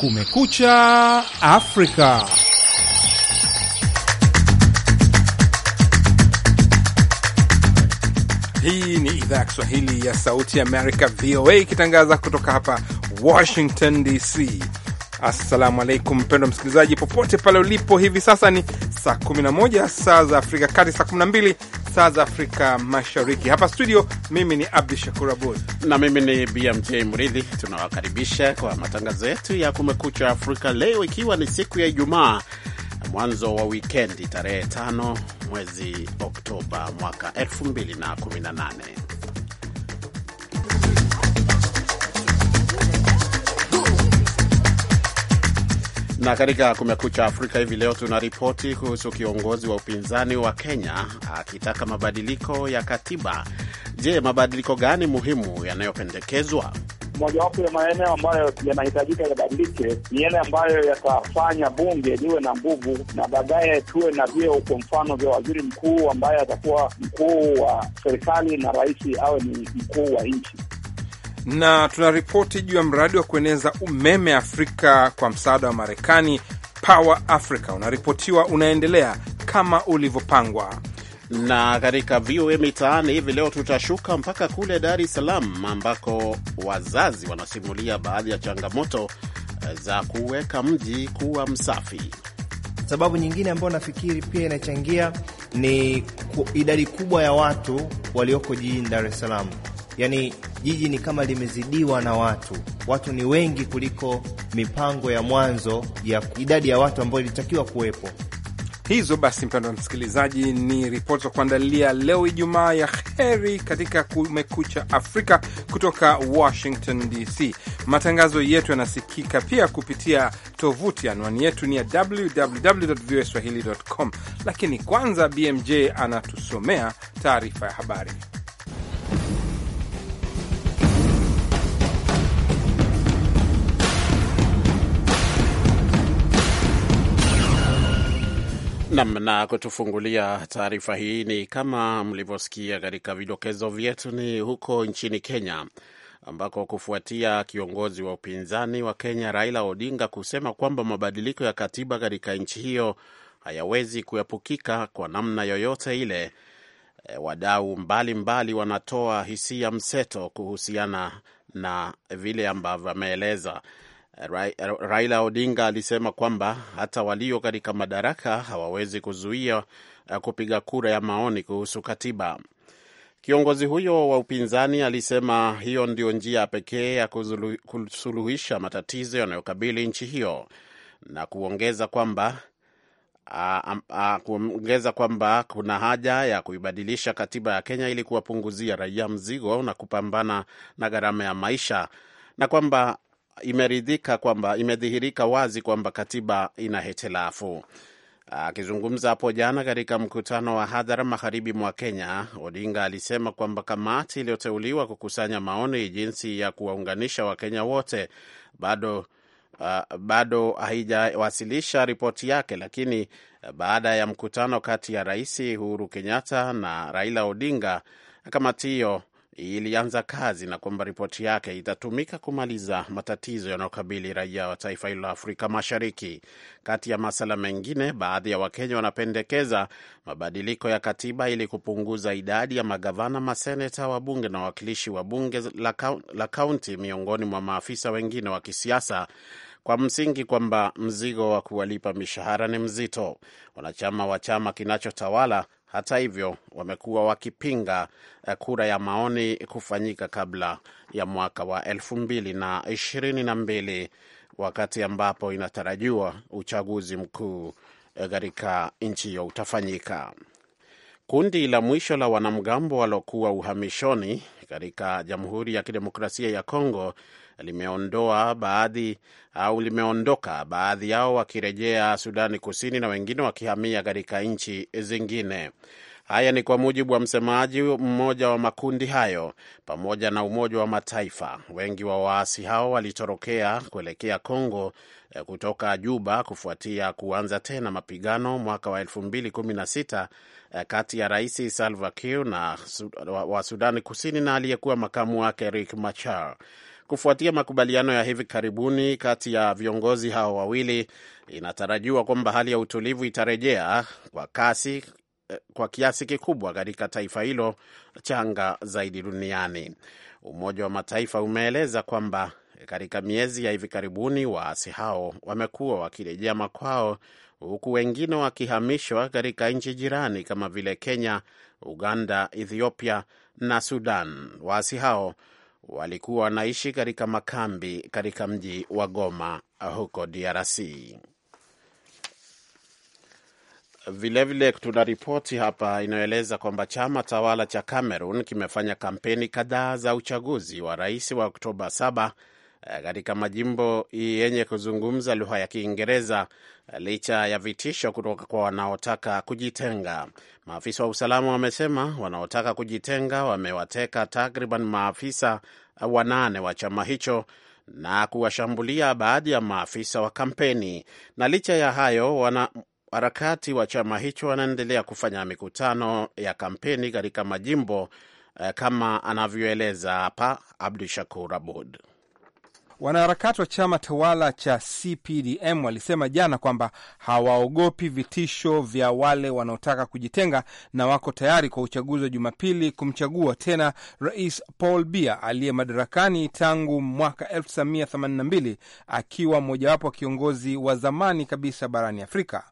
Kumekucha Afrika. Hii ni idhaa ya Kiswahili ya Sauti ya Amerika, VOA, ikitangaza kutoka hapa Washington DC. Assalamu alaikum, mpendwa msikilizaji, popote pale ulipo. Hivi sasa ni saa 11 saa za Afrika Kati, saa 12 saa za Afrika Mashariki. Hapa studio, mimi ni Abdu Shakur Abud na mimi ni BMJ Mridhi. Tunawakaribisha kwa matangazo yetu ya Kumekucha Afrika leo, ikiwa ni siku ya Ijumaa, mwanzo wa wikendi, tarehe 5 mwezi Oktoba mwaka 218 Na katika Kumekucha Afrika hivi leo tuna ripoti kuhusu kiongozi wa upinzani wa Kenya akitaka mabadiliko ya katiba. Je, mabadiliko gani muhimu yanayopendekezwa? Mojawapo ya maeneo ambayo yanahitajika yabadilike ni yale ambayo yatafanya bunge liwe na nguvu na baadaye tuwe na vyeo, kwa mfano vya waziri mkuu ambaye atakuwa mkuu wa serikali na rais awe ni mkuu wa nchi na tunaripoti juu ya mradi wa kueneza umeme Afrika kwa msaada wa Marekani. Power Africa unaripotiwa unaendelea kama ulivyopangwa na katika VOA Mitaani hivi leo tutashuka mpaka kule Dar es Salaam ambako wazazi wanasimulia baadhi ya changamoto eh, za kuweka mji kuwa msafi. Sababu nyingine ambayo nafikiri pia inachangia ni idadi kubwa ya watu walioko jijini Dar es Salaam, yaani jiji ni kama limezidiwa na watu, watu ni wengi kuliko mipango ya mwanzo ya idadi ya watu ambayo ilitakiwa kuwepo. Hizo basi, mpendo wa msikilizaji, ni ripoti za kuandalia leo Ijumaa ya heri katika Kumekucha Afrika kutoka Washington DC. Matangazo yetu yanasikika pia kupitia tovuti, anwani yetu ni ya www voa swahili com. Lakini kwanza, BMJ anatusomea taarifa ya habari. Nam na kutufungulia taarifa hii ni kama mlivyosikia katika vidokezo vyetu, ni huko nchini Kenya ambako kufuatia kiongozi wa upinzani wa Kenya Raila Odinga kusema kwamba mabadiliko ya katiba katika nchi hiyo hayawezi kuepukika kwa namna yoyote ile, e, wadau mbalimbali wanatoa hisia mseto kuhusiana na vile ambavyo ameeleza. Raila Odinga alisema kwamba hata walio katika madaraka hawawezi kuzuia eh, kupiga kura ya maoni kuhusu katiba. Kiongozi huyo wa upinzani alisema hiyo ndio njia pekee ya kusuluhisha matatizo yanayokabili nchi hiyo na kuongeza kwamba a, a, kuongeza kwamba kuna haja ya kuibadilisha katiba ya Kenya ili kuwapunguzia raia mzigo na kupambana na gharama ya maisha na kwamba imeridhika kwamba imedhihirika wazi kwamba katiba ina hitilafu. Akizungumza hapo jana katika mkutano wa hadhara magharibi mwa Kenya, Odinga alisema kwamba kamati iliyoteuliwa kukusanya maoni jinsi ya kuwaunganisha Wakenya wote bado Uh, bado haijawasilisha ripoti yake, lakini baada ya mkutano kati ya Rais Uhuru Kenyatta na Raila Odinga, kamati hiyo ilianza kazi na kwamba ripoti yake itatumika kumaliza matatizo yanayokabili raia wa taifa hilo la Afrika Mashariki. Kati ya masala mengine, baadhi ya Wakenya wanapendekeza mabadiliko ya katiba ili kupunguza idadi ya magavana, maseneta, wabunge na wawakilishi wa bunge la kaunti, miongoni mwa maafisa wengine wa kisiasa kwa msingi kwamba mzigo wa kuwalipa mishahara ni mzito. Wanachama wa chama kinachotawala hata hivyo, wamekuwa wakipinga eh, kura ya maoni kufanyika kabla ya mwaka wa elfu mbili na ishirini na mbili wakati ambapo inatarajiwa uchaguzi mkuu eh, katika nchi hiyo utafanyika. Kundi la mwisho la wanamgambo waliokuwa uhamishoni katika Jamhuri ya Kidemokrasia ya Kongo limeondoa baadhi au limeondoka baadhi yao wakirejea Sudani Kusini na wengine wakihamia katika nchi zingine. Haya ni kwa mujibu wa msemaji mmoja wa makundi hayo pamoja na Umoja wa Mataifa. Wengi wa waasi hao walitorokea kuelekea Kongo eh, kutoka Juba kufuatia kuanza tena mapigano mwaka wa 2016 eh, kati ya Rais Salva Kiir na wa Sudani Kusini na aliyekuwa makamu wake Riek Machar kufuatia makubaliano ya hivi karibuni kati ya viongozi hao wawili. Inatarajiwa kwamba hali ya utulivu itarejea kwa kasi eh, kwa kiasi kikubwa katika taifa hilo changa zaidi duniani. Umoja wa Mataifa umeeleza kwamba katika miezi ya hivi karibuni waasi hao wamekuwa wakirejea makwao, huku wengine wakihamishwa katika nchi jirani kama vile Kenya, Uganda, Ethiopia na Sudan. Waasi hao walikuwa wanaishi katika makambi katika mji wa Goma uh, huko DRC. Vilevile tuna ripoti hapa inayoeleza kwamba chama tawala cha Cameroon kimefanya kampeni kadhaa za uchaguzi wa rais wa Oktoba 7 Eh, katika majimbo yenye kuzungumza lugha ya Kiingereza eh, licha ya vitisho kutoka kwa wanaotaka kujitenga. Maafisa wa usalama wamesema wanaotaka kujitenga wamewateka takriban maafisa eh, wanane wa chama hicho na kuwashambulia baadhi ya maafisa wa kampeni. Na licha ya hayo, wanaharakati wa chama hicho wanaendelea kufanya mikutano ya kampeni katika majimbo kama anavyoeleza hapa Abdu Shakur Abud. Wanaharakati wa chama tawala cha CPDM walisema jana kwamba hawaogopi vitisho vya wale wanaotaka kujitenga na wako tayari kwa uchaguzi wa Jumapili kumchagua tena Rais Paul Bia aliye madarakani tangu mwaka 1982 akiwa mmojawapo wa kiongozi wa zamani kabisa barani Afrika.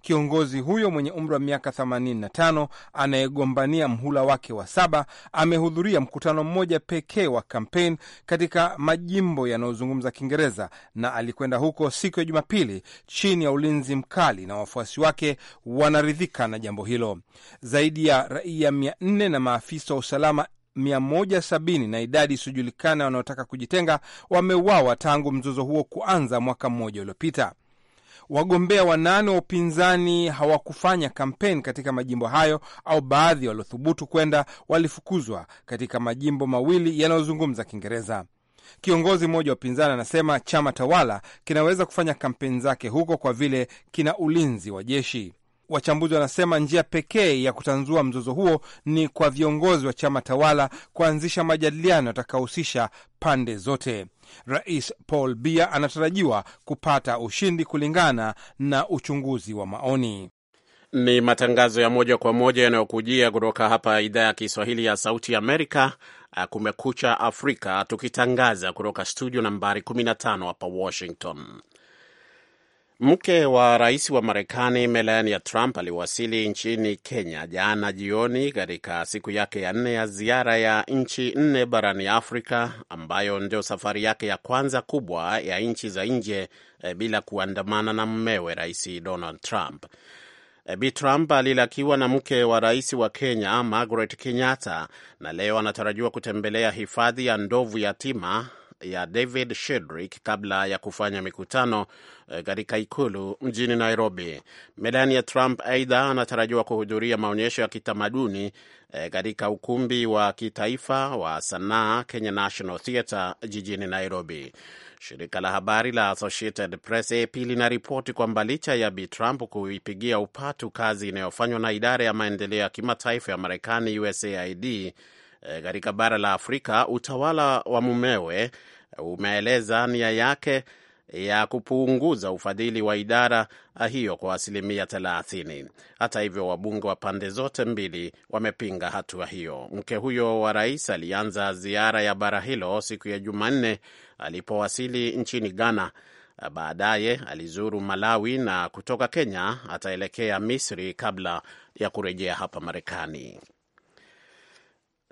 Kiongozi huyo mwenye umri wa miaka 85 anayegombania mhula wake wa saba amehudhuria mkutano mmoja pekee wa kampeni katika majimbo yanayozungumza Kiingereza na alikwenda huko siku ya Jumapili chini ya ulinzi mkali, na wafuasi wake wanaridhika na jambo hilo. Zaidi ya raia 400 na maafisa wa usalama 170 na idadi isiyojulikana wanaotaka kujitenga wameuawa tangu mzozo huo kuanza mwaka mmoja uliopita. Wagombea wanane wa upinzani hawakufanya kampeni katika majimbo hayo, au baadhi waliothubutu kwenda walifukuzwa katika majimbo mawili yanayozungumza Kiingereza. Kiongozi mmoja wa upinzani anasema chama tawala kinaweza kufanya kampeni zake huko kwa vile kina ulinzi wa jeshi. Wachambuzi wanasema njia pekee ya kutanzua mzozo huo ni kwa viongozi wa chama tawala kuanzisha majadiliano yatakaohusisha pande zote. Rais Paul Biya anatarajiwa kupata ushindi kulingana na uchunguzi wa maoni. Ni matangazo ya moja kwa moja yanayokujia kutoka hapa idhaa ya Kiswahili ya Sauti Amerika, eh, Kumekucha Afrika, tukitangaza kutoka studio nambari 15 hapa Washington. Mke wa rais wa Marekani Melania Trump aliwasili nchini Kenya jana jioni katika siku yake ya nne ya ziara ya nchi nne barani Afrika, ambayo ndio safari yake ya kwanza kubwa ya nchi za nje e, bila kuandamana na mmewe Rais Donald Trump. E, Bi Trump alilakiwa na mke wa rais wa Kenya Margaret Kenyatta, na leo anatarajiwa kutembelea hifadhi ya ndovu yatima ya David Shedrick kabla ya kufanya mikutano eh, katika ikulu mjini Nairobi. Melania Trump aidha anatarajiwa kuhudhuria maonyesho ya kitamaduni eh, katika ukumbi wa kitaifa wa sanaa Kenya National Theatre jijini Nairobi. Shirika la habari la Associated Press AP linaripoti kwamba licha ya Bi Trump kuipigia upatu kazi inayofanywa na idara ya maendeleo ya kimataifa ya Marekani, USAID, eh, katika bara la Afrika, utawala wa mumewe umeeleza nia yake ya kupunguza ufadhili wa idara ah, hiyo kwa asilimia thelathini Hata hivyo, wabunge wa pande zote mbili wamepinga hatua wa hiyo. Mke huyo wa rais alianza ziara ya bara hilo siku ya Jumanne alipowasili nchini Ghana. Baadaye alizuru Malawi na kutoka Kenya ataelekea Misri kabla ya kurejea hapa Marekani.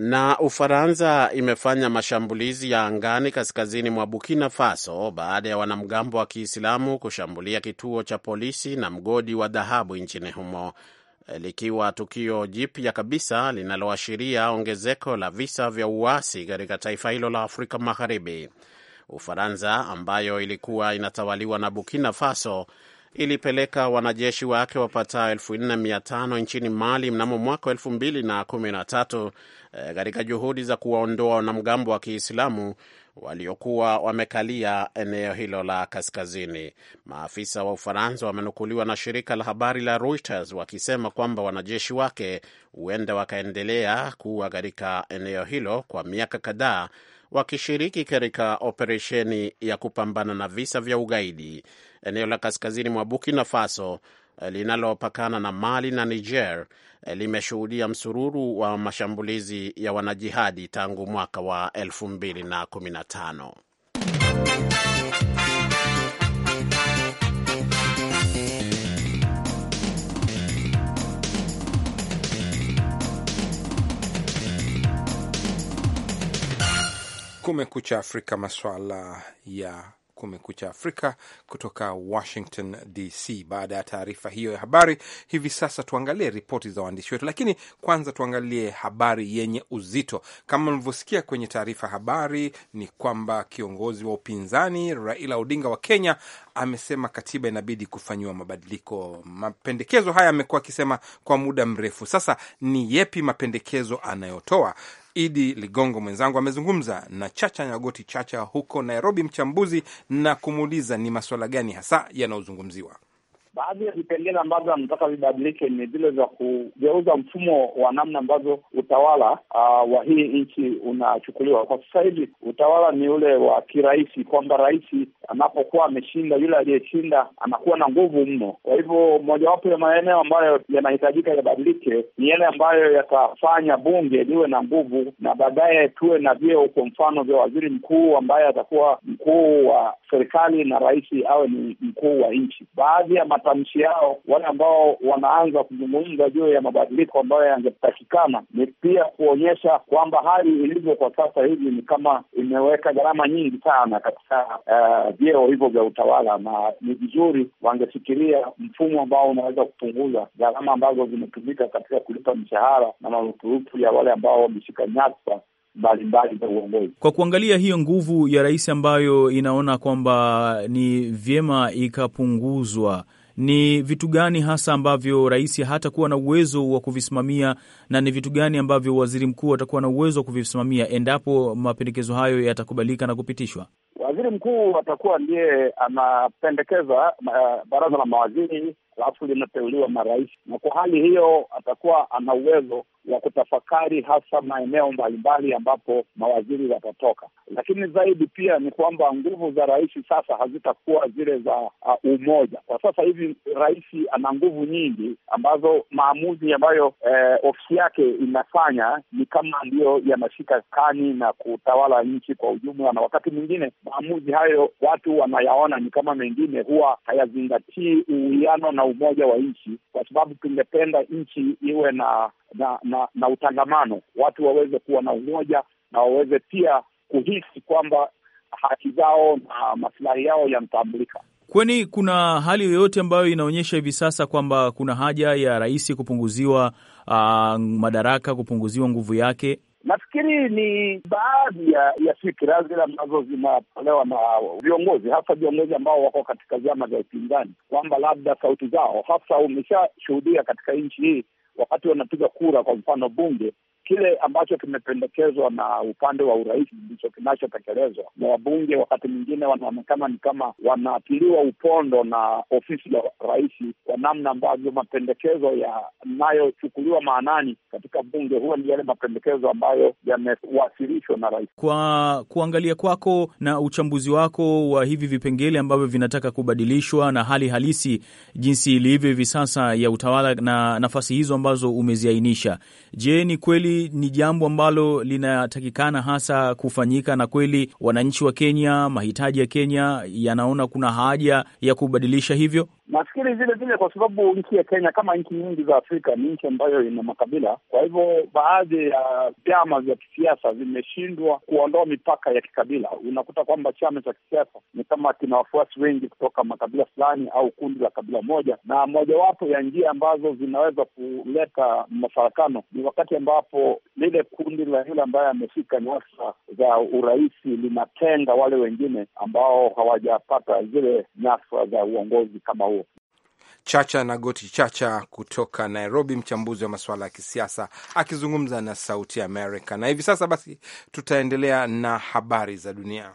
Na Ufaransa imefanya mashambulizi ya angani kaskazini mwa Burkina Faso baada ya wanamgambo wa Kiislamu kushambulia kituo cha polisi na mgodi wa dhahabu nchini humo, eh, likiwa tukio jipya kabisa linaloashiria ongezeko la visa vya uasi katika taifa hilo la Afrika Magharibi. Ufaransa ambayo ilikuwa inatawaliwa na Burkina Faso ilipeleka wanajeshi wake wapatao 4500 nchini Mali mnamo mwaka 2013 eh, katika juhudi za kuwaondoa wanamgambo wa Kiislamu waliokuwa wamekalia eneo hilo la kaskazini. Maafisa wa Ufaransa wamenukuliwa na shirika la habari la Reuters wakisema kwamba wanajeshi wake huenda wakaendelea kuwa katika eneo hilo kwa miaka kadhaa wakishiriki katika operesheni ya kupambana na visa vya ugaidi eneo la kaskazini mwa Burkina Faso eh, linalopakana na Mali na Niger eh, limeshuhudia msururu wa mashambulizi ya wanajihadi tangu mwaka wa 2015. Kumekucha Afrika, masuala ya Kumekucha Afrika kutoka Washington DC. Baada ya taarifa hiyo ya habari, hivi sasa tuangalie ripoti za waandishi wetu, lakini kwanza tuangalie habari yenye uzito. Kama mlivyosikia kwenye taarifa habari, ni kwamba kiongozi wa upinzani Raila Odinga wa Kenya amesema katiba inabidi kufanyiwa mabadiliko. Mapendekezo haya amekuwa akisema kwa muda mrefu sasa. Ni yepi mapendekezo anayotoa? Idi Ligongo mwenzangu amezungumza na Chacha Nyagoti Chacha huko Nairobi, mchambuzi, na kumuuliza ni maswala gani hasa yanayozungumziwa. Baadhi ya vipengele ambavyo anataka vibadilike ni vile vya kugeuza mfumo wa namna ambavyo utawala uh, wa hii nchi unachukuliwa kwa sasa hivi. Utawala ni ule wa kirahisi, kwamba rais anapokuwa ameshinda, yule aliyeshinda anakuwa na nguvu mno. Kwa hivyo mojawapo ya maeneo ambayo yanahitajika yabadilike ni yale ambayo yatafanya bunge liwe na nguvu, na baadaye tuwe na vyeo, kwa mfano vya waziri mkuu ambaye atakuwa mkuu wa serikali na rais awe ni mkuu wa nchi. Baadhi ya matamshi yao, wale ambao wanaanza kuzungumza juu ya mabadiliko ambayo yangetakikana, ni pia kuonyesha kwamba hali ilivyo kwa sasa hivi ni kama imeweka gharama nyingi sana katika uh, vyeo hivyo vya utawala, na ni vizuri wangefikiria mfumo ambao unaweza kupunguza gharama ambazo zimetumika katika kulipa mishahara na marupurupu ya wale ambao wameshika nyadhifa mbalimbali za uongozi. Kwa kuangalia hiyo nguvu ya rais ambayo inaona kwamba ni vyema ikapunguzwa ni vitu gani hasa ambavyo rais hatakuwa na uwezo wa kuvisimamia na ni vitu gani ambavyo waziri mkuu atakuwa na uwezo wa kuvisimamia endapo mapendekezo hayo yatakubalika na kupitishwa? Waziri mkuu atakuwa ndiye anapendekeza baraza la mawaziri, alafu linateuliwa na rais na kwa hali hiyo atakuwa ana uwezo wa kutafakari hasa maeneo mbalimbali ambapo mawaziri watatoka. Lakini zaidi pia ni kwamba nguvu za rais sasa hazitakuwa zile za uh, umoja. Kwa sasa hivi rais ana nguvu nyingi ambazo maamuzi ambayo eh, ofisi yake inafanya ni kama ndiyo yanashika kani na kutawala nchi kwa ujumla, na wakati mwingine maamuzi hayo watu wanayaona ni kama mengine huwa hayazingatii uwiano na umoja wa nchi, kwa sababu tungependa nchi iwe na na, na, na utangamano, watu waweze kuwa na umoja na waweze pia kuhisi kwamba haki zao na masilahi yao yanatambulika. Kwani kuna hali yoyote ambayo inaonyesha hivi sasa kwamba kuna haja ya rais kupunguziwa uh, madaraka, kupunguziwa nguvu yake? Nafikiri ni baadhi ya ya fikira zile ambazo zinatolewa na viongozi, hasa viongozi ambao wako katika vyama vya upinzani, kwamba labda sauti zao, hasa umeshashuhudia katika nchi hii wakati wanapiga kura, kwa mfano bunge, kile ambacho kimependekezwa na upande wa urais ndicho kinachotekelezwa na wabunge. Wakati mwingine wanaonekana ni kama wanaatiliwa upondo na ofisi ya rais kwa namna ambavyo mapendekezo yanayochukuliwa maanani katika bunge huwa ni yale mapendekezo ambayo yamewasilishwa na rais. Kwa kuangalia kwako na uchambuzi wako wa hivi vipengele ambavyo vinataka kubadilishwa na hali halisi jinsi ilivyo hivi sasa ya utawala na nafasi hizo ambazo umeziainisha, je, ni kweli ni jambo ambalo linatakikana hasa kufanyika, na kweli wananchi wa Kenya, mahitaji ya Kenya yanaona kuna haja ya kubadilisha hivyo? Nafikiri vile vile kwa sababu nchi ya Kenya kama nchi nyingi za Afrika ni nchi ambayo ina makabila. Kwa hivyo baadhi ya vyama vya kisiasa vimeshindwa kuondoa mipaka ya kikabila. Unakuta kwamba chama cha kisiasa ni kama kina wafuasi wengi kutoka makabila fulani au kundi la kabila moja, na mojawapo ya njia ambazo zinaweza kuleta mafarakano ni wakati ambapo lile kundi la yule ambaye amefika nyasa za urahisi linatenga wale wengine ambao hawajapata zile nyasa za uongozi kama huo. Chacha na Goti Chacha kutoka Nairobi, mchambuzi wa masuala ya kisiasa akizungumza na Sauti Amerika. Na hivi sasa basi, tutaendelea na habari za dunia.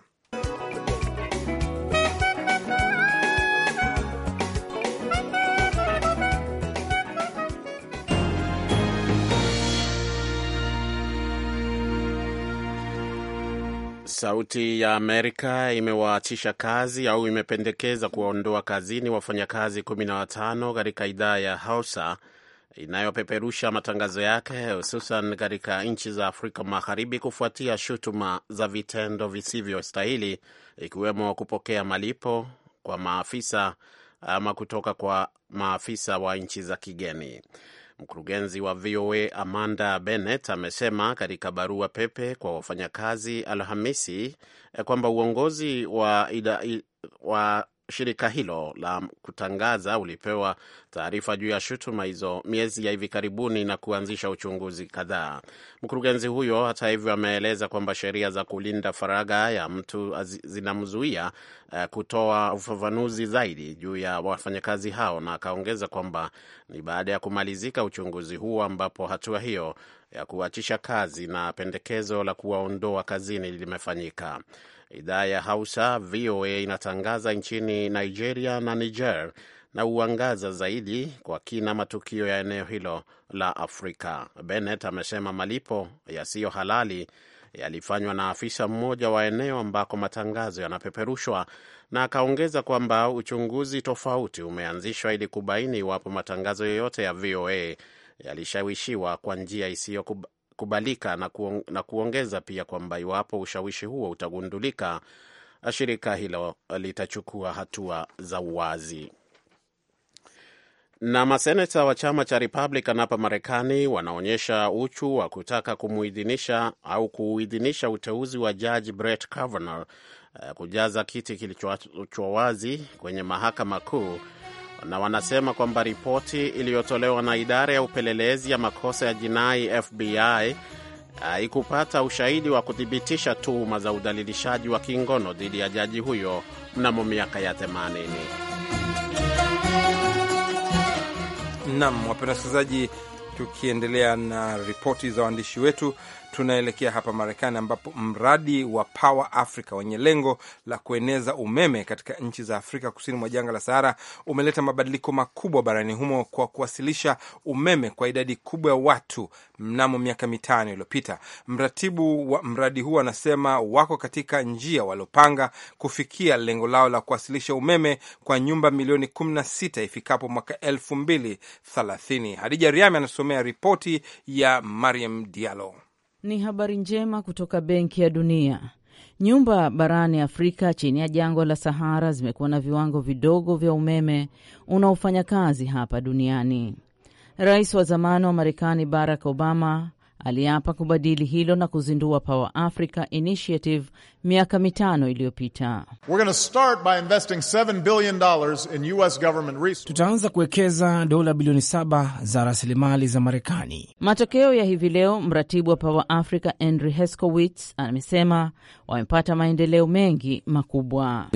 Sauti ya Amerika imewaachisha kazi au imependekeza kuwaondoa kazini wafanyakazi 15 katika idhaa ya Hausa inayopeperusha matangazo yake hususan katika nchi za Afrika Magharibi kufuatia shutuma za vitendo visivyostahili ikiwemo kupokea malipo kwa maafisa ama kutoka kwa maafisa wa nchi za kigeni. Mkurugenzi wa VOA Amanda Bennett amesema katika barua pepe kwa wafanyakazi Alhamisi eh, kwamba uongozi wa, ida, wa shirika hilo la kutangaza ulipewa taarifa juu ya shutuma hizo miezi ya hivi karibuni na kuanzisha uchunguzi kadhaa. Mkurugenzi huyo hata hivyo ameeleza kwamba sheria za kulinda faragha ya mtu zinamzuia uh, kutoa ufafanuzi zaidi juu ya wafanyakazi hao, na akaongeza kwamba ni baada ya kumalizika uchunguzi huo ambapo hatua hiyo ya kuachisha kazi na pendekezo la kuwaondoa kazini limefanyika. Idhaa ya Hausa VOA inatangaza nchini Nigeria na Niger na huangaza zaidi kwa kina matukio ya eneo hilo la Afrika. Bennett amesema malipo yasiyo halali yalifanywa na afisa mmoja wa eneo ambako matangazo yanapeperushwa, na akaongeza kwamba uchunguzi tofauti umeanzishwa ili kubaini iwapo matangazo yoyote ya VOA yalishawishiwa kwa njia isiyo kubalika na, kuong, na kuongeza pia kwamba iwapo ushawishi huo utagundulika, shirika hilo litachukua hatua za uwazi. Na maseneta wa chama cha Republican hapa Marekani wanaonyesha uchu wa kutaka kumuidhinisha au kuuidhinisha uteuzi wa Jaji Brett Kavanaugh eh, kujaza kiti kilicho wazi kwenye mahakama kuu na wanasema kwamba ripoti iliyotolewa na idara ya upelelezi ya makosa ya jinai FBI eh, haikupata ushahidi wa kuthibitisha tuhuma za udhalilishaji wa kingono dhidi ya jaji huyo mnamo miaka ya 80. Naam, wapenda wasikilizaji, tukiendelea na ripoti za waandishi wetu tunaelekea hapa Marekani, ambapo mradi wa Power Africa wenye lengo la kueneza umeme katika nchi za Afrika kusini mwa jangwa la Sahara umeleta mabadiliko makubwa barani humo kwa kuwasilisha umeme kwa idadi kubwa ya watu mnamo miaka mitano iliyopita. Mratibu wa mradi huu anasema wako katika njia waliopanga kufikia lengo lao la kuwasilisha umeme kwa nyumba milioni 16 ifikapo mwaka 2030. Hadija Riami anasomea ripoti ya Mariam Diallo. Ni habari njema kutoka Benki ya Dunia. Nyumba barani Afrika chini ya jangwa la Sahara zimekuwa na viwango vidogo vya umeme unaofanya kazi hapa duniani. Rais wa zamani wa Marekani Barack Obama aliapa kubadili hilo na kuzindua Power Africa Initiative miaka mitano iliyopita. Tutaanza kuwekeza dola bilioni saba za rasilimali za Marekani. Matokeo ya hivi leo, mratibu wa Power Africa Andrew Heskowitz amesema wamepata maendeleo mengi makubwa.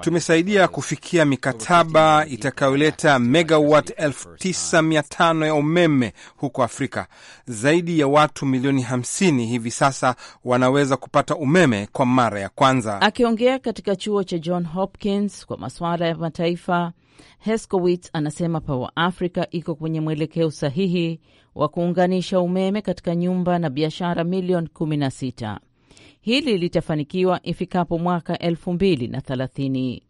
Tumesaidia kufikia mikataba itakayoleta megawat 9500 ya umeme umeme huko Afrika. Zaidi ya watu milioni 50 hivi sasa wanaweza kupata umeme kwa mara ya kwanza. Akiongea katika chuo cha John Hopkins kwa masuala ya mataifa, Heskowitz anasema Power Africa iko kwenye mwelekeo sahihi wa kuunganisha umeme katika nyumba na biashara milioni 16. Hili litafanikiwa ifikapo mwaka thelathini.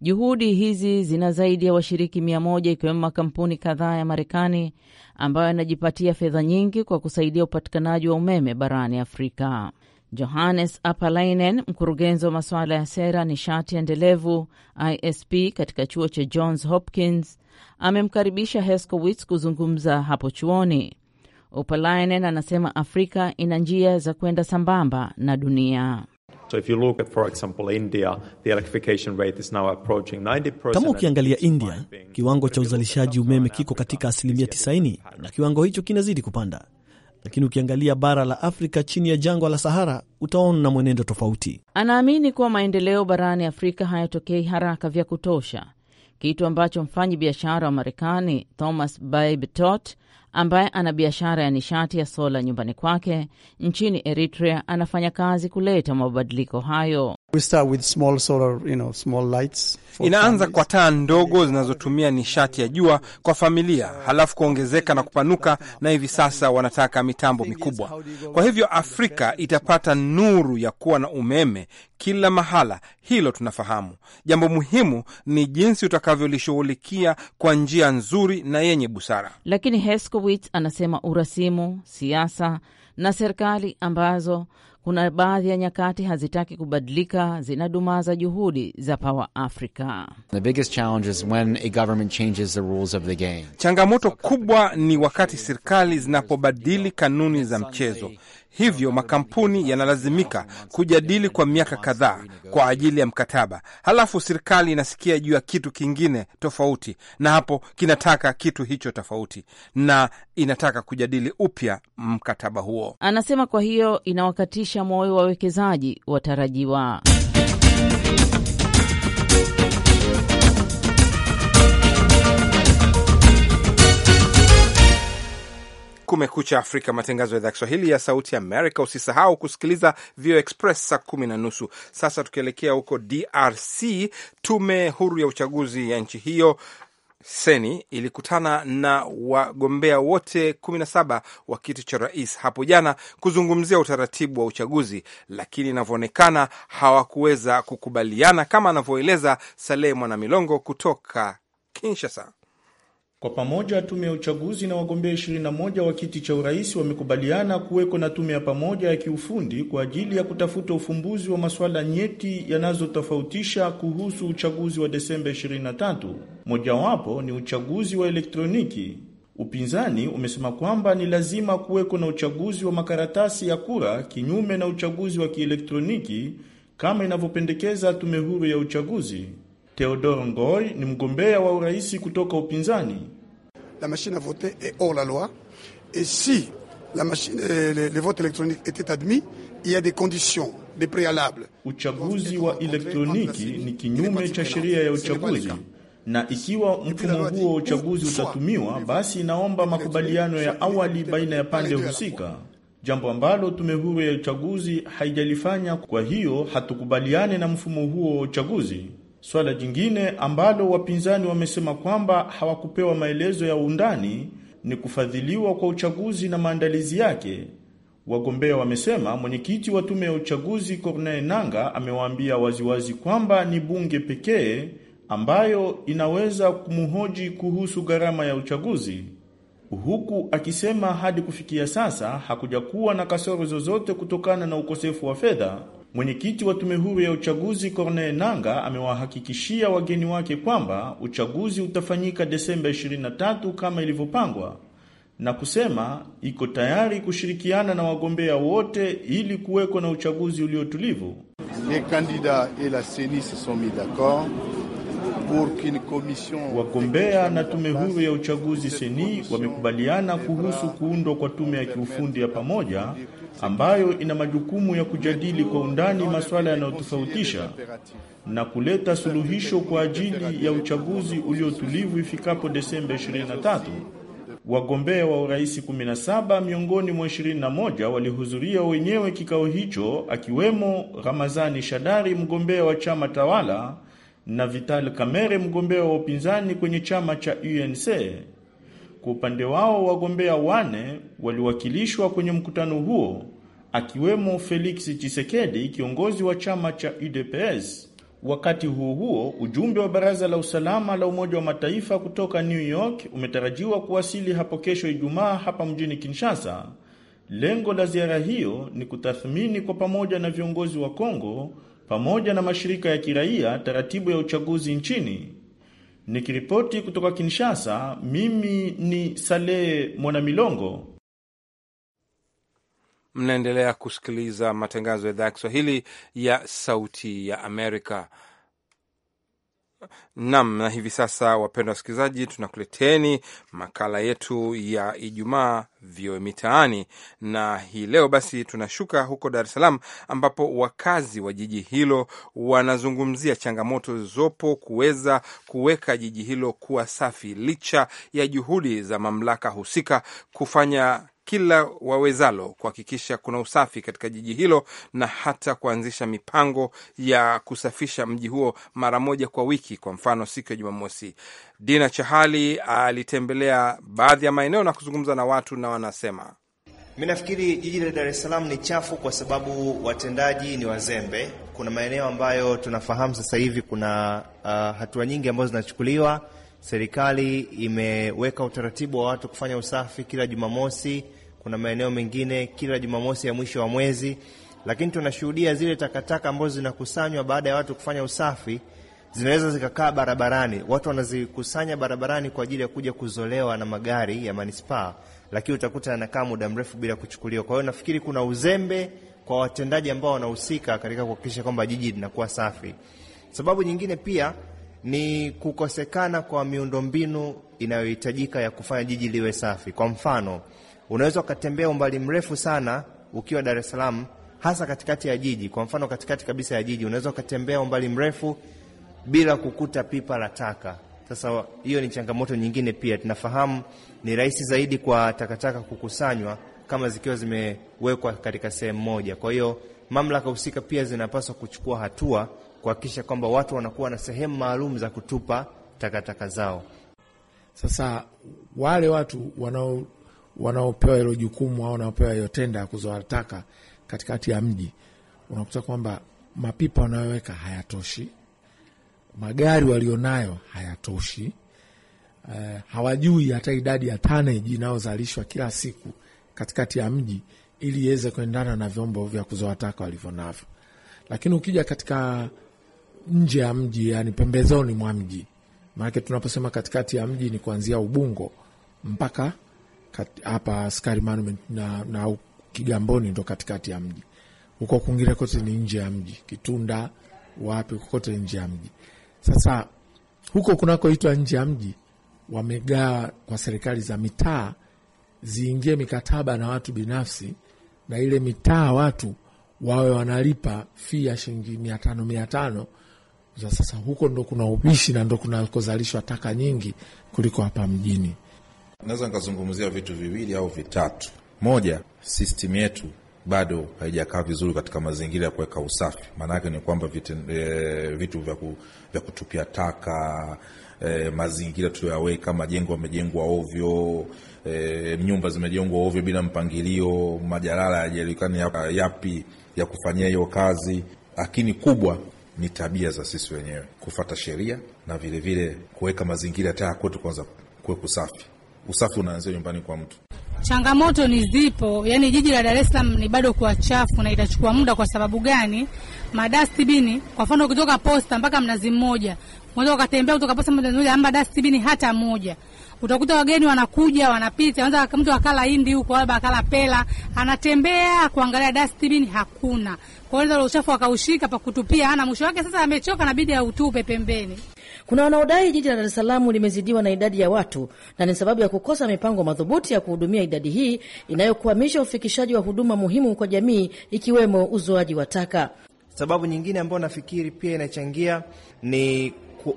Juhudi hizi zina zaidi ya washiriki mia moja ikiwemo makampuni kadhaa ya Marekani ambayo yanajipatia fedha nyingi kwa kusaidia upatikanaji wa umeme barani Afrika. Johannes Apalainen, mkurugenzi wa masuala ya sera nishati endelevu ISP katika chuo cha Johns Hopkins, amemkaribisha Heskowitz kuzungumza hapo chuoni. Upalainen anasema Afrika ina njia za kwenda sambamba na dunia. Kama ukiangalia India, kiwango cha uzalishaji umeme kiko katika asilimia 90 na kiwango hicho kinazidi kupanda, lakini ukiangalia bara la Afrika chini ya jangwa la Sahara utaona mwenendo tofauti. Anaamini kuwa maendeleo barani Afrika hayatokei haraka vya kutosha, kitu ambacho mfanyi biashara wa Marekani Thomas Babbitt ambaye ana biashara ya nishati ya sola nyumbani kwake nchini Eritrea anafanya kazi kuleta mabadiliko hayo. Inaanza kwa taa ndogo zinazotumia nishati ya jua kwa familia, halafu kuongezeka na kupanuka, na hivi sasa wanataka mitambo mikubwa. Kwa hivyo Afrika itapata nuru ya kuwa na umeme kila mahala, hilo tunafahamu. Jambo muhimu ni jinsi utakavyolishughulikia kwa njia nzuri na yenye busara. Lakini Heskowitz anasema urasimu, siasa na serikali ambazo kuna baadhi ya nyakati hazitaki kubadilika, zinadumaza juhudi za Power Africa. Changamoto kubwa ni wakati serikali zinapobadili kanuni za mchezo. Hivyo makampuni yanalazimika kujadili kwa miaka kadhaa kwa ajili ya mkataba, halafu serikali inasikia juu ya kitu kingine tofauti, na hapo kinataka kitu hicho tofauti, na inataka kujadili upya mkataba huo, anasema. Kwa hiyo inawakatisha moyo wawekezaji watarajiwa. Kumekucha Afrika, matangazo ya idhaa Kiswahili ya Sauti Amerika. Usisahau kusikiliza VOA Express saa kumi na nusu. Sasa tukielekea huko DRC, tume huru ya uchaguzi ya nchi hiyo Seni ilikutana na wagombea wote 17 wa kiti cha rais hapo jana kuzungumzia utaratibu wa uchaguzi, lakini inavyoonekana hawakuweza kukubaliana, kama anavyoeleza Saleh Mwanamilongo kutoka Kinshasa. Kwa pamoja tume ya uchaguzi na wagombea 21 wa kiti cha urais wamekubaliana kuweko na tume ya pamoja ya kiufundi kwa ajili ya kutafuta ufumbuzi wa masuala nyeti yanazotofautisha kuhusu uchaguzi wa Desemba 23. Mojawapo ni uchaguzi wa elektroniki. Upinzani umesema kwamba ni lazima kuweko na uchaguzi wa makaratasi ya kura kinyume na uchaguzi wa kielektroniki kama inavyopendekeza tume huru ya uchaguzi. Theodore Ngoy ni mgombea wa urais kutoka upinzani. La machine à voter est hors la loi et si la machine, euh, le, le vote électronique était admis, il y a des conditions des préalables. Uchaguzi wa elektroniki ni kinyume cha sheria ya uchaguzi na ikiwa mfumo huo wa uchaguzi utatumiwa, basi inaomba makubaliano ya awali baina ya pande husika, jambo ambalo tume huru ya uchaguzi haijalifanya. Kwa hiyo hatukubaliane na mfumo huo wa uchaguzi. Swala jingine ambalo wapinzani wamesema kwamba hawakupewa maelezo ya undani ni kufadhiliwa kwa uchaguzi na maandalizi yake. Wagombea wamesema mwenyekiti wa tume ya uchaguzi Corneille Nanga amewaambia waziwazi kwamba ni bunge pekee ambayo inaweza kumhoji kuhusu gharama ya uchaguzi, huku akisema hadi kufikia sasa hakujakuwa na kasoro zozote kutokana na ukosefu wa fedha. Mwenyekiti wa tume huru ya uchaguzi Corneille Nanga amewahakikishia wageni wake kwamba uchaguzi utafanyika Desemba 23 kama ilivyopangwa na kusema iko tayari kushirikiana na wagombea wote ili kuweko na uchaguzi uliotulivu. Les candidats et la CENI se sont mis d'accord Wagombea na tume huru ya uchaguzi seni wamekubaliana kuhusu kuundwa kwa tume ya kiufundi ya pamoja ambayo ina majukumu ya kujadili kwa undani masuala yanayotofautisha na kuleta suluhisho kwa ajili ya uchaguzi uliotulivu ifikapo Desemba 23. Wagombea wa urais 17 miongoni mwa 21 walihudhuria wenyewe kikao hicho, akiwemo Ramazani Shadari, mgombea wa chama tawala na Vital Kamerhe, mgombea wa upinzani kwenye chama cha UNC. Kwa upande wao, wagombea wane waliwakilishwa kwenye mkutano huo, akiwemo Felix Chisekedi, kiongozi wa chama cha UDPS. Wakati huo huo, ujumbe wa Baraza la Usalama la Umoja wa Mataifa kutoka New York umetarajiwa kuwasili hapo kesho Ijumaa hapa mjini Kinshasa. Lengo la ziara hiyo ni kutathmini kwa pamoja na viongozi wa Kongo pamoja na mashirika ya kiraia taratibu ya uchaguzi nchini. Nikiripoti kutoka Kinshasa, mimi ni Saleh Mwanamilongo. Mnaendelea kusikiliza matangazo ya idhaa ya Kiswahili ya Sauti ya Amerika. Nam, na hivi sasa, wapendwa wasikilizaji, tunakuleteni makala yetu ya Ijumaa vyoe mitaani, na hii leo basi tunashuka huko Dar es Salaam ambapo wakazi wa jiji hilo wanazungumzia changamoto zilizopo kuweza kuweka jiji hilo kuwa safi licha ya juhudi za mamlaka husika kufanya kila wawezalo kuhakikisha kuna usafi katika jiji hilo na hata kuanzisha mipango ya kusafisha mji huo mara moja kwa wiki, kwa mfano siku ya Jumamosi. Dina Chahali alitembelea baadhi ya maeneo na kuzungumza na watu na wanasema Mi nafikiri jiji la Dar es Salaam ni chafu kwa sababu watendaji ni wazembe. Kuna maeneo ambayo tunafahamu sasa hivi kuna uh, hatua nyingi ambazo zinachukuliwa. Serikali imeweka utaratibu wa watu kufanya usafi kila Jumamosi, kuna maeneo mengine kila Jumamosi ya mwisho wa mwezi, lakini tunashuhudia zile takataka ambazo zinakusanywa baada ya watu kufanya usafi zinaweza zikakaa barabarani, watu wanazikusanya barabarani kwa ajili ya kuja kuzolewa na magari ya manispaa, lakini utakuta yanakaa muda mrefu bila kuchukuliwa. Kwa hiyo nafikiri kuna uzembe kwa watendaji ambao wanahusika katika kuhakikisha kwamba jiji linakuwa safi. Sababu nyingine pia ni kukosekana kwa miundombinu inayohitajika ya kufanya jiji liwe safi. Kwa mfano Unaweza ukatembea umbali mrefu sana ukiwa Dar es Salaam, hasa katikati ya jiji. Kwa mfano, katikati kabisa ya jiji unaweza ukatembea umbali mrefu bila kukuta pipa la taka. Sasa hiyo ni changamoto nyingine pia. Tunafahamu ni rahisi zaidi kwa takataka kukusanywa kama zikiwa zimewekwa katika sehemu moja. Kwa hiyo mamlaka husika pia zinapaswa kuchukua hatua kuhakikisha kwamba watu wanakuwa na sehemu maalum za kutupa takataka zao. Sasa wale watu wanao wanaopewa hilo jukumu au wanaopewa hiyo tenda ya kuzoa taka katikati ya mji, unakuta kwamba mapipa wanayoweka hayatoshi, magari walionayo hayatoshi, uh, hawajui hata idadi ya tanaji inayozalishwa kila siku katikati ya mji ili iweze kuendana na vyombo vya kuzoa taka walivyo navyo. Lakini ukija katika nje ya mji, yani pembezoni mwa mji, maanake tunaposema katikati ya mji ni kuanzia Ubungo mpaka hapa Askari Monument na, na Kigamboni ndo katikati ya mji. Huko kungire kote ni nje ya mji, Kitunda wapi kote nje ya mji. Sasa huko kunakoitwa nje ya mji wamegaa kwa serikali za mitaa ziingie mikataba na watu binafsi, na ile mitaa watu wawe wanalipa fii ya shilingi mia tano mia tano za sasa. Huko ndo kuna upishi na ndo kunakozalishwa taka nyingi kuliko hapa mjini. Naweza nikazungumzia vitu viwili au vitatu. Moja, system yetu bado haijakaa vizuri katika mazingira ya kuweka usafi. Maana yake ni kwamba vitu, e, eh, vitu vya, ku, vya kutupia taka e, mazingira tuliyoyaweka, majengo yamejengwa ovyo e, nyumba zimejengwa ovyo bila mpangilio, majalala hayajulikani yapi ya kufanyia hiyo kazi, lakini kubwa ni tabia za sisi wenyewe kufata sheria na vilevile kuweka mazingira taa kwetu kwanza kuwe kusafi usafi unaanzia nyumbani kwa mtu. Changamoto ni zipo, yani jiji la Dar es Salaam ni bado kuwa chafu na itachukua muda. Kwa sababu gani? Madastibini kwa mfano, kutoka posta mpaka mnazi mmoja, unaweza ukatembea kutoka posta mnazi mmoja, ama dastibini hata moja. Utakuta wageni wanakuja, wanapita, anza mtu akala hindi huko, labda akala pela, anatembea kuangalia dastibini, hakuna. Kwa hiyo uchafu akaushika pa kutupia, hana mwisho wake. Sasa amechoka, nabidi autupe pembeni. Kuna wanaodai jiji la Dar es Salaam limezidiwa na idadi ya watu na ni sababu ya kukosa mipango madhubuti ya kuhudumia idadi hii inayokwamisha ufikishaji wa huduma muhimu kwa jamii ikiwemo uzoaji wa taka. Sababu nyingine ambayo nafikiri pia inachangia ni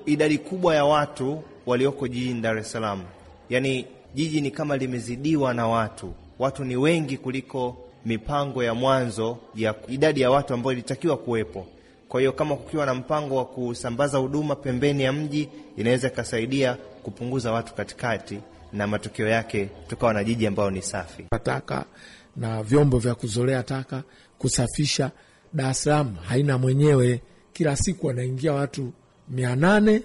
idadi kubwa ya watu walioko jijini Dar es Salaam, yaani jiji ni kama limezidiwa na watu, watu ni wengi kuliko mipango ya mwanzo ya idadi ya watu ambayo ilitakiwa kuwepo. Kwa hiyo kama kukiwa na mpango wa kusambaza huduma pembeni ya mji, inaweza ikasaidia kupunguza watu katikati, na matokeo yake tukawa na jiji ambayo ni safi. Taka na vyombo vya kuzolea taka, kusafisha. Dar es Salaam haina mwenyewe. Kila siku wanaingia watu mia nane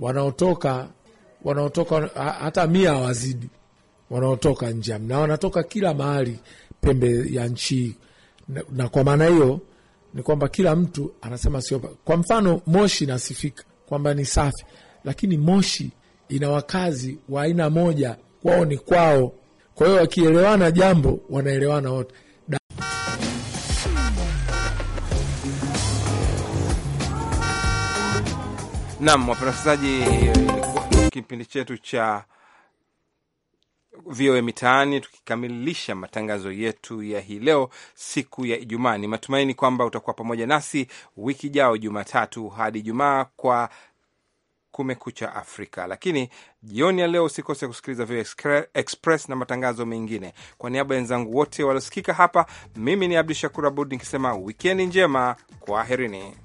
wanaotoka wanaotoka hata mia wazidi wanaotoka nje na wanatoka kila mahali pembe ya nchi, na, na kwa maana hiyo ni kwamba kila mtu anasema sio. Kwa mfano Moshi nasifika kwamba ni safi, lakini Moshi ina wakazi wa aina moja, kwao ni kwao. Kwa hiyo wakielewana jambo wanaelewana wote. Nam wapenzi kipindi chetu cha VOA Mitaani tukikamilisha matangazo yetu ya hii leo siku ya Ijumaa. Ni matumaini kwamba utakuwa pamoja nasi wiki jao Jumatatu hadi Ijumaa kwa Kumekucha Afrika. Lakini jioni ya leo usikose kusikiliza VOA Express na matangazo mengine. Kwa niaba ya wenzangu wote waliosikika hapa, mimi ni Abdu Shakur Abud nikisema wikendi njema, kwaherini.